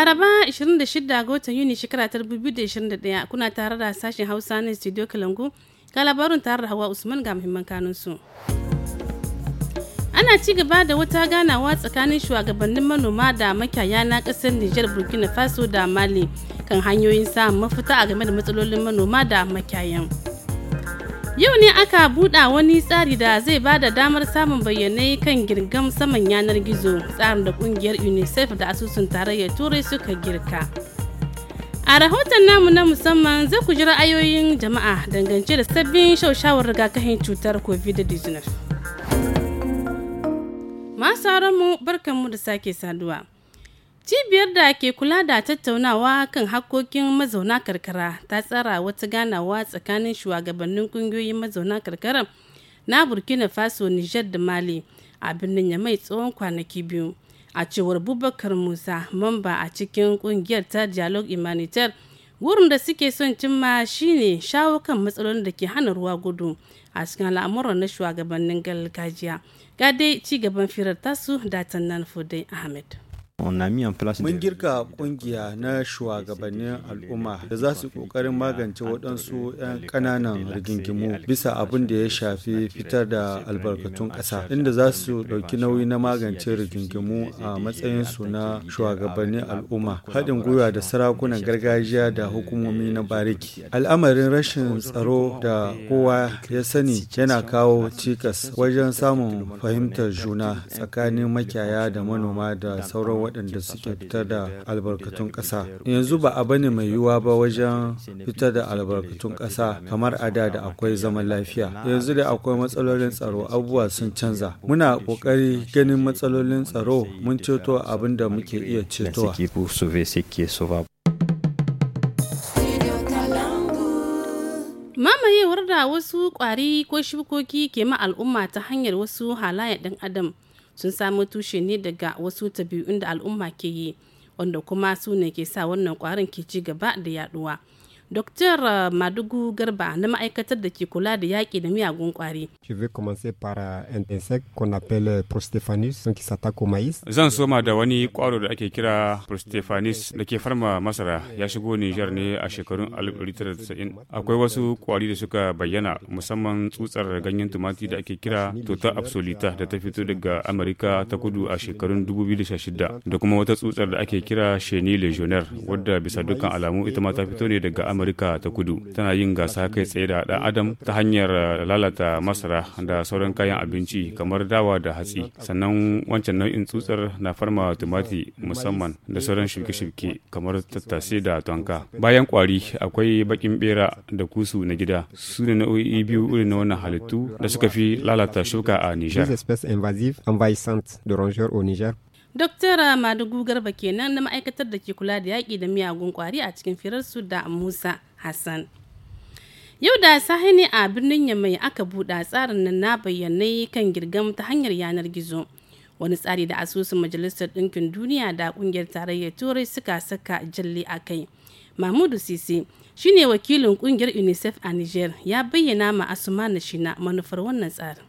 Laraba 26 ga watan Yuni shekara ta 2021 kuna tare da sashen Hausa na Studio Kalangu ga labarin tare da Hawa Usman ga muhimman kanunsu. Ana ci gaba da wata ganawa tsakanin shugabannin manoma da makiyaya na ƙasar Nijar Burkina Faso da Mali kan hanyoyin samun mafita a game da matsalolin manoma da makiyayan. yau ne aka buɗa wani tsari da zai ba da damar samun bayanai kan girgam saman yanar gizo tsarin da kungiyar unicef da asusun tarayyar turai suka girka a rahoton namu na musamman zai ku ji ra'ayoyin jama'a dangance da sabbin shaushawar rigakafin cutar covid-19 masu mu barkanmu da sake saduwa cibiyar da ke kula da tattaunawa kan hakkokin mazauna karkara ta tsara wata ganawa tsakanin shugabannin kungiyoyin mazauna karkara na burkina faso nijar da mali a birnin yamai tsohon kwanaki biyu a cewar bubakar musa mamba a cikin kungiyar ta dialogue Imanitar. wurin da suke son cimma shine shawo kan matsalolin da ke hana ruwa gudu a cikin al'amuran na shugabannin gargajiya ga dai ci gaban firar tasu datan nan fudai ahmed Mun girka kungiya na shugabannin al'umma da za su kokarin magance waɗansu 'yan ƙananan rigingimu bisa abin da ya shafi fitar da albarkatun ƙasa inda za su ɗauki nauyi na magance rigingimu a matsayinsu na shugabannin al'umma haɗin gwiwa da sarakunan gargajiya da hukumomi na bariki. Al'amarin rashin tsaro da kowa ya sani yana kawo cikas wajen samun fahimtar juna tsakanin makiyaya da manoma da sauran waɗanda suke fitar da albarkatun ƙasa yanzu ba a bane mai yiwuwa ba wajen fitar da albarkatun ƙasa kamar a da akwai zaman lafiya yanzu da akwai matsalolin tsaro abubuwa sun canza muna ƙoƙari ganin matsalolin tsaro mun ceto abin da muke iya cetowa mamayewar da wasu ƙwari ko shukoki ke ma al'umma ta hanyar wasu halayen ɗan adam sun samo tushe ne daga wasu tabi'un da al'umma ke yi wanda kuma su ne ke sa wannan kwarin ke ci gaba da yaduwa Dr. Eh, Madugu Garba na ma'aikatar da ke kula da yaƙi da miyagun ƙwari. Zan soma da wani ƙwaro da ake kira Prostephanis da ke farma masara ya shigo Nijar ne a shekarun 1990. Akwai wasu ƙwari da suka bayyana musamman tsutsar ganyen tumati da ake kira Tota absolita da ta fito daga Amerika ta kudu a shekarun 2016 da kuma wata tsutsar da ake kira Chenille legionnaire wadda bisa dukkan alamu ita ma ta fito ne daga amurka ta kudu tana yin gasa kai tsaye da dan adam ta hanyar lalata masara da sauran kayan abinci kamar dawa da hatsi sannan wancan nau'in tsutsar na farma tumati musamman da sauran shuke-shuke kamar tattase da tonka bayan kwari akwai bakin bera da kusu na gida su ne nau'o'i biyu irin na wannan halittu da suka fi lalata shuka a niger. Doktora Madugu Garba kenan na ma'aikatar da ke kula da yaƙi da miyagun ƙwari a cikin firarsu da Musa Hassan. Yau da sahi a birnin Yamai aka buɗa tsarin nan na bayyanai kan girgam ta hanyar yanar gizo. Wani tsari da asusun Majalisar Ɗinkin Duniya da ƙungiyar tarayyar Turai suka saka jalli a kai. Mahmudu Sisi ne wakilin ƙungiyar UNICEF a Niger ya bayyana ma Asuma Shina manufar wannan tsarin.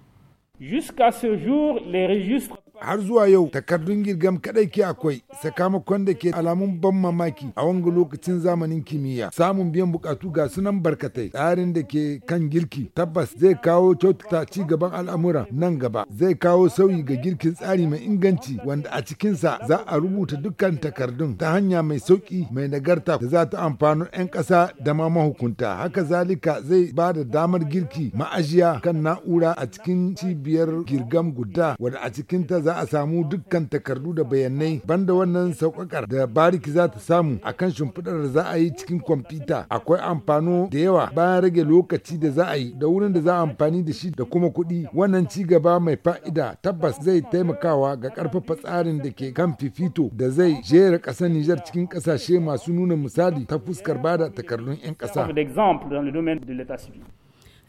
har zuwa yau takardun girgam kadai ke akwai sakamakon da ke alamun ban mamaki a wanga lokacin zamanin kimiyya samun biyan bukatu ga sunan barkatai tsarin da ke kan girki tabbas zai kawo kyautata ci gaban al'amura nan gaba zai kawo sauyi ga girkin tsari mai inganci wanda a cikinsa za a rubuta dukkan takardun ta hanya mai sauki mai nagarta da za ta amfanu 'yan ƙasa da ma mahukunta haka zalika zai ba da damar girki ma'ajiya kan na'ura a cikin cibiyar girgam guda wadda a cikinta za za a samu dukkan takardu da bayanai banda wannan saukakar da bariki za ta samu a kan shimfiɗar da za a yi cikin kwamfuta akwai amfano da yawa bayan rage lokaci da za a yi da wurin da za a amfani da shi da kuma kuɗi wannan ci gaba mai fa'ida tabbas zai taimakawa ga ƙarfafa tsarin da ke kan fifito da zai jera ƙasar Nijar cikin ƙasashe masu nuna misali ta fuskar bada takardun 'yan ƙasa.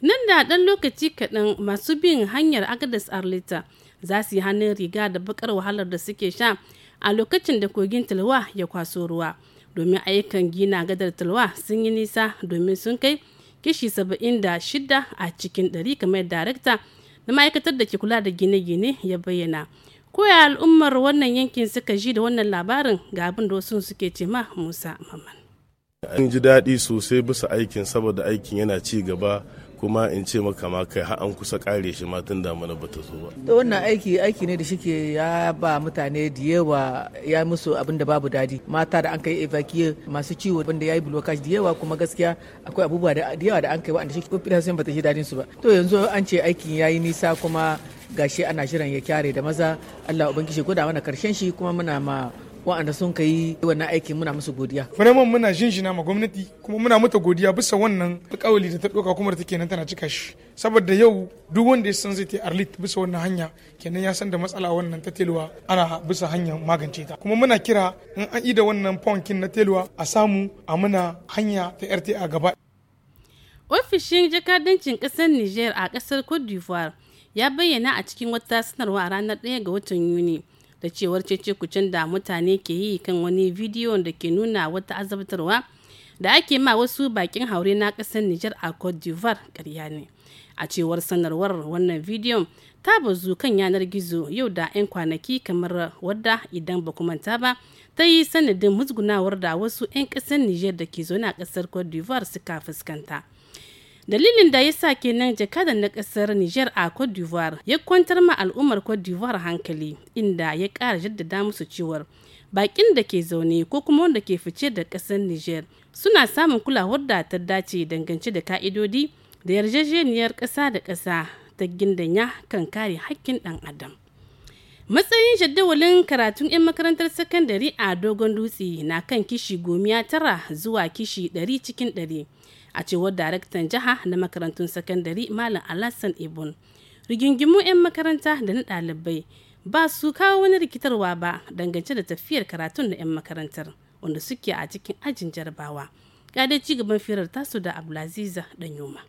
Nan da ɗan lokaci kaɗan masu bin hanyar Agadas Arlita za su yi hannun riga da bakar wahalar da suke sha a lokacin da kogin talwa ya kwaso ruwa domin ayyukan gina gadar talwa sun yi nisa domin sun kai kishi saba'in da 76 a cikin 100 kamar darakta na ma'aikatar da ke kula da gine-gine ya bayyana koya al'ummar wannan yankin suka ji da wannan labarin ga abin da wasu suke ce ma musa maman an ji daɗi sosai bisa aikin saboda aikin yana ci gaba kuma in ce maka ma kai har an kusa kare shi ma tun damuna bata zo ba. To wannan aiki aiki ne da shike ya ba mutane da yawa ya musu abin da babu dadi mata da an kai evakiye masu ciwo wanda ya yi blockage da yawa kuma gaskiya akwai abubuwa da yawa da an kai wanda shike fita sun bata shi dadin su ba. To yanzu an ce aikin ya yi nisa kuma gashi ana shirin ya kyare da maza Allah ubangiji da mana karshen shi kuma muna ma waɗanda sun ka yi wannan aikin muna musu godiya. Vraiment muna jinjina ma gwamnati kuma muna mata godiya bisa wannan alƙawali da ta ɗauka kuma da take nan tana cika shi. Saboda yau duk wanda ya san zai ta Arlit bisa wannan hanya kenan ya san da matsala wannan ta telwa ana bisa hanyar magance ta. Kuma muna kira in an ida wannan fonkin na telwa a samu a muna hanya ta a gaba. Ofishin jakadancin ƙasar Niger a ƙasar Cote d'Ivoire ya bayyana a cikin wata sanarwa a ranar 1 ga watan Yuni. da cewar cece-kucen da mutane ke yi kan wani bidiyon da ke nuna wata azabtarwa da ake ma wasu bakin haure na ƙasar Nijar a Cote d'Ivoire ƙarya ne. A cewar sanarwar wannan bidiyon ta bazu kan yanar gizo yau da 'yan kwanaki kamar wadda idan ba manta ba ta yi sanadin musgunawar da wasu 'yan ƙasar Nijar da ke zaune a ƙasar Cote d'Ivoire suka fuskanta. dalilin da ya sa kenan jakadan na kasar niger a cote d'ivoire ya kwantar ma al'ummar cote d'ivoire hankali inda ya kara jaddada musu cewar bakin da ke zaune ko kuma wanda ke fice da kasar niger suna samun kulawar da ta dace dangance da ka'idodi da yarjejeniyar kasa da kasa ta gindanya kan kare hakkin dan adam matsayin jadawalin karatun 'yan makarantar sakandare a dogon dutse na kan kishi gomiya tara zuwa kishi 100 cikin 100 a cewar daraktan jiha na makarantun sakandare malam alasan ibon rigingimu 'yan makaranta da na ɗalibai ba su kawo wani rikitarwa ba dangance da tafiyar karatun na 'yan makarantar wanda suke a cikin ajin jarabawa ga dai ci gaban firar tasu da da yoma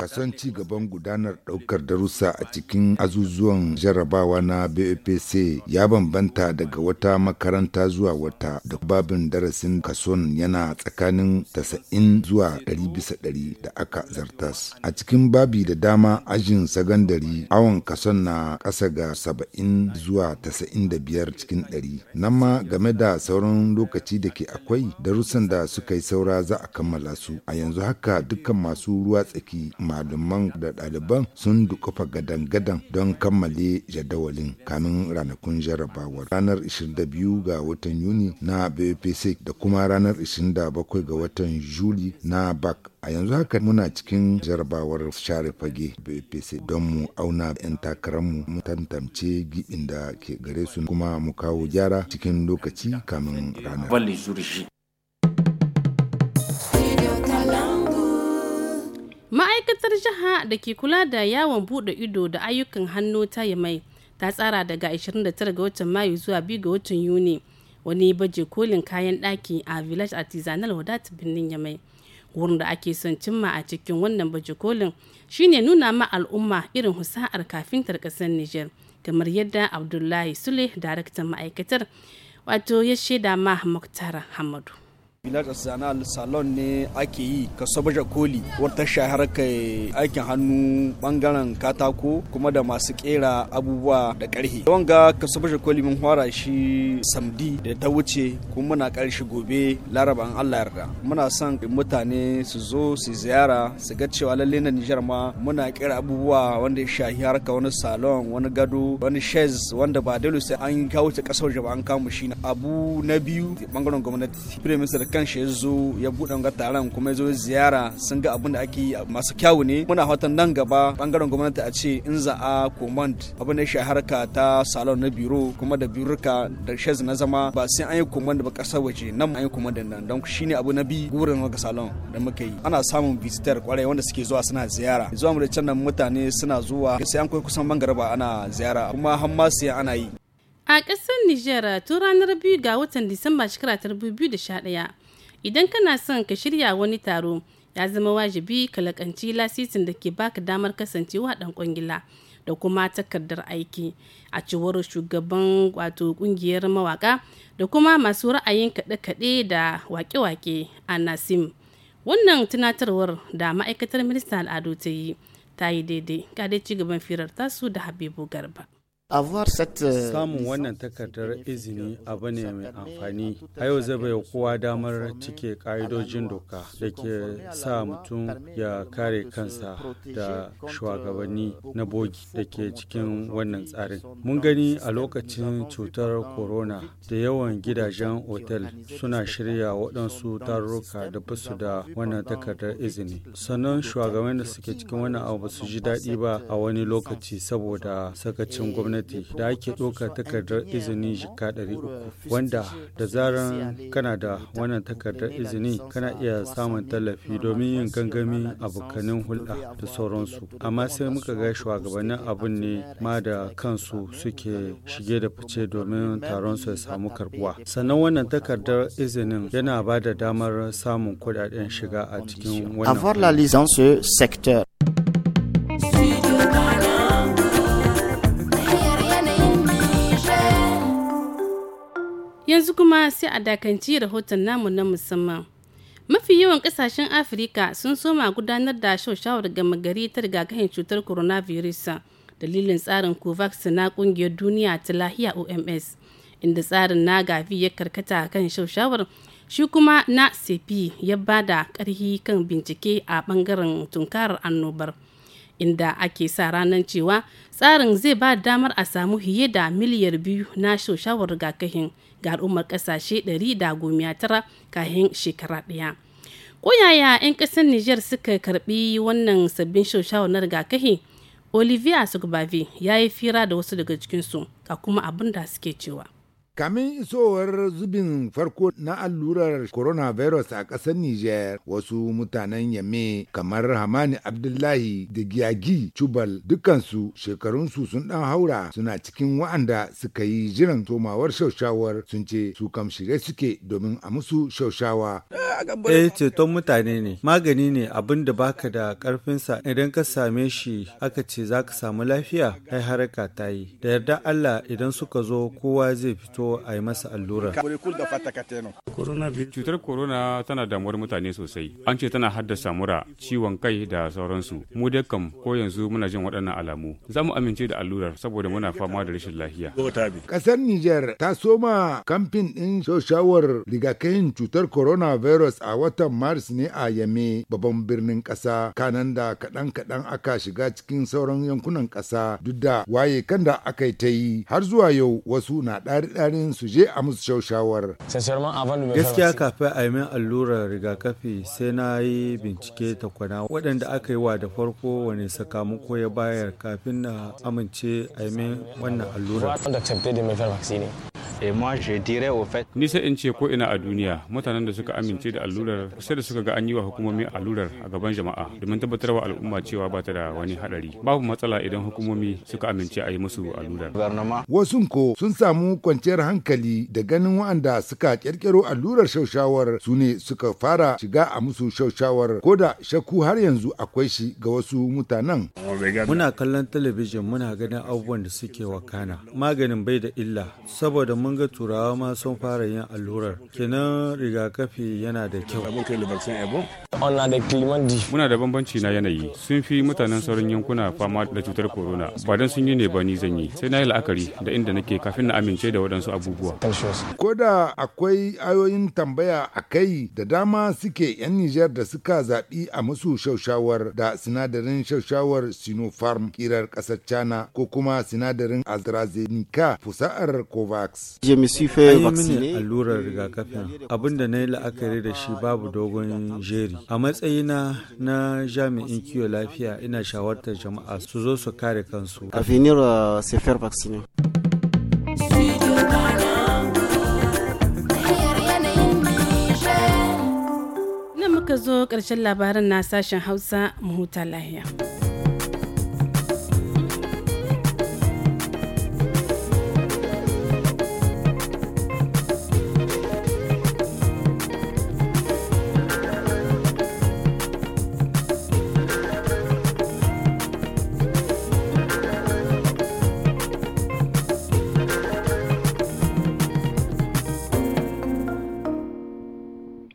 Kason ci gaban gudanar ɗaukar darussa a cikin azuzuwan jarabawa na BAPC ya bambanta daga wata makaranta zuwa wata da babin darasin kason yana tsakanin 90 zuwa 100 da aka zartas. A cikin babi da dama ajin sagandari awon kason na kasa ga 70 zuwa 95 cikin 100. Nan ma game da sauran lokaci da ke akwai darussan da suka yi saura za a kammala su. A yanzu haka duk dukkan masu ruwa tsaki malaman da ɗaliban sun dukufa gadan-gadan don kammale jadawalin kamin ranakun jarabawar ranar 22 ga watan yuni na bpc da kuma ranar 27 ga watan juli na bak a yanzu haka muna cikin jarabawar share fage bpc don mu auna 'yan takararmu mu tantance gibin da ke gare su kuma mu kawo gyara cikin lokaci kamin ranar jiha da ke kula da yawon bude ido da ayyukan hannu ta yamai ta tsara daga 29 ga watan mayu zuwa 2 ga watan yuni wani baje kolin kayan daki a village artisanal wadat birnin yamai wurin da ake son cimma a cikin wannan baje kolin shine nuna ma al'umma irin husa'ar kafintar ƙasar niger kamar yadda abdullahi sule daraktan ma'aikatar wato ya shaida ma muktara hamadu Village artisanal salon ne ake yi ka sabaja koli wata shahara kai aikin hannu bangaren katako kuma da masu kera abubuwa da karhe. Wanga ka sabaja koli mun fara shi samdi da ta wuce kuma muna karshe gobe laraba an Allah yarda. Muna son mutane su zo su ziyara su ga cewa lalle na Nijar ma muna kera abubuwa wanda ya shahi harka wani salon wani gado wani shez wanda ba dole sai an kawo ta kasar jaba an mu shi abu na biyu bangaren gwamnati. Prime kanshi ya zo ya buɗe ga taron kuma ya zo ziyara sun ga abin da ake yi masu kyawu ne muna fatan nan gaba bangaren gwamnati a ce in za a command abin da shi harka ta salon na biro kuma da biruka da shez na zama ba sai an yi command ba kasar waje nan an yi command nan don shi ne abu na bi gurin wanga salon da muka yi ana samun visitor kwarai wanda suke zuwa suna ziyara zuwa mu da can nan mutane suna zuwa sai an kai kusan bangare ba ana ziyara kuma har ma sai ana yi A ƙasar Nijar tun ranar biyu ga watan Disamba shekara ta da sha ɗaya idan kana son ka shirya wani taro ya zama wajibi ka lakanci lasisin da ke baka damar kasancewa ɗan kwangila da kuma takardar aiki a cewar shugaban wato ƙungiyar mawaƙa, da kuma masu ra'ayin kaɗe-kaɗe da waƙe-waƙe a Nasim. Wannan tunatarwar da ma'aikatar ministan al'adu ta yi ta yi daidai ga dai ci gaban firar tasu da Habibu Garba. Samun wannan takardar izini abu ne mai amfani. A yau zai bai kowa damar cike ƙa'idojin doka da ke sa mutum ya kare kansa da shugabanni na bogi da ke cikin wannan tsarin. Mun gani a lokacin cutar corona da yawan gidajen otel suna shirya waɗansu tarurruka da basu da wannan takardar izini. Sannan shugabannin da suke cikin wannan abu su ji daɗi ba a wani lokaci saboda sakacin gwamnati. gwamnati da ake ɗauka takardar izini shika 300 wanda da zarar kana da wannan takardar izini kana iya samun tallafi domin yin gangami abokanin hulɗa da sauransu amma sai muka ga shugabannin abun ne ma da kansu suke shige da fice domin taron su samu karbuwa sannan wannan takardar izinin yana ba da damar samun kuɗaɗen shiga a cikin wannan kuma sai a dakanci rahoton namu na musamman. Mafi yawan kasashen Afirka sun soma gudanar da shawarar gama gari ta rigakafin cutar coronavirus dalilin tsarin COVAX na kungiyar duniya ta lahiya OMS inda tsarin na gavi ya karkata kan shawarar shi kuma na CP ya bada karhi kan bincike a bangaren tunkarar annobar. inda ake sa ranar cewa tsarin zai ba damar a samu fiye da miliyar biyu na shawarar rigakafin ga al'ummar kasashe 119 kahin shekara ɗaya. Koyaya 'yan ƙasar Nijar suka karbi wannan sabbin shawarar na rigakafi Olivia Sugbavi ya yi fira da wasu daga cikinsu ga kuma abin da suke cewa. Kamin isowar zubin farko na allurar coronavirus a ƙasar Nijar wasu mutanen Yame kamar Hamani Abdullahi da Giyagi Cubal dukansu shekarunsu sun ɗan haura suna cikin wa'anda suka yi jiran tomawar shaushawar sun ce su kam shirye suke domin a musu shaushawa. e ceton mutane ne magani ne abin da baka da karfinsa idan ka same shi aka ce za ka samu lafiya kai haraka ta yi da yarda Allah idan suka zo kowa zai fito a yi masa allura. Cutar corona tana damuwar mutane sosai. An ce tana haddasa mura, ciwon kai da sauransu. Mu dai kam ko yanzu muna jin waɗannan alamu. Za mu amince da allurar saboda muna fama da rashin lafiya. Ƙasar Nijar ta soma kamfin ɗin shawarar rigakafin cutar corona virus. a watan Maris ne a Yame babban birnin ƙasa. Kanan da kaɗan-kaɗan aka shiga cikin sauran yankunan ƙasa duk da waye kan da aka yi ta yi har zuwa yau wasu na ɗari-ɗari gabanin su je a musu shawar. Gaskiya kafin a yi min allurar rigakafi sai na yi bincike takwana waɗanda aka yi wa da farko wani sakamako ya bayar kafin na amince a yi min wannan allurar. Ni sai in ce ko ina a duniya mutanen da suka amince da allurar sai da suka ga an yi wa hukumomi allurar a gaban jama'a domin tabbatar wa al'umma cewa ba ta da wani hadari. Babu matsala idan hukumomi suka amince a yi musu allurar. Wasun ko sun samu kwanciyar hankali da ganin waɗanda suka kirkiro allurar shaushawar su ne suka fara shiga a musu shaushawar ko da shakku har yanzu akwai shi ga wasu mutanen. Muna kallon talabijin muna ganin abubuwan da suke wakana. Maganin bai da illa saboda mun mun ga turawa ma sun fara yin allurar kenan rigakafi yana da kyau muna da bambanci na yanayi sun fi mutanen sauran yankuna fama da cutar corona ba dan sun yi ne ba ni zan yi sai na yi la'akari da inda nake kafin na amince da waɗansu abubuwa ko da akwai ayoyin tambaya a kai da dama suke 'yan nijar da suka zaɓi a musu shaushawar da sinadarin shaushawar sinopharm kirar ƙasar china ko kuma sinadarin astrazeneca fusa'ar covax Je me allurar rigakafin abinda na yi la'akari da shi babu dogon jeri. A matsayina na jami'in kiwo lafiya ina shawartar jama'a su zo su kare kansu. A venir euh, se faire Nan muka zo ƙarshen labarin na sashen Hausa mu huta lahiya.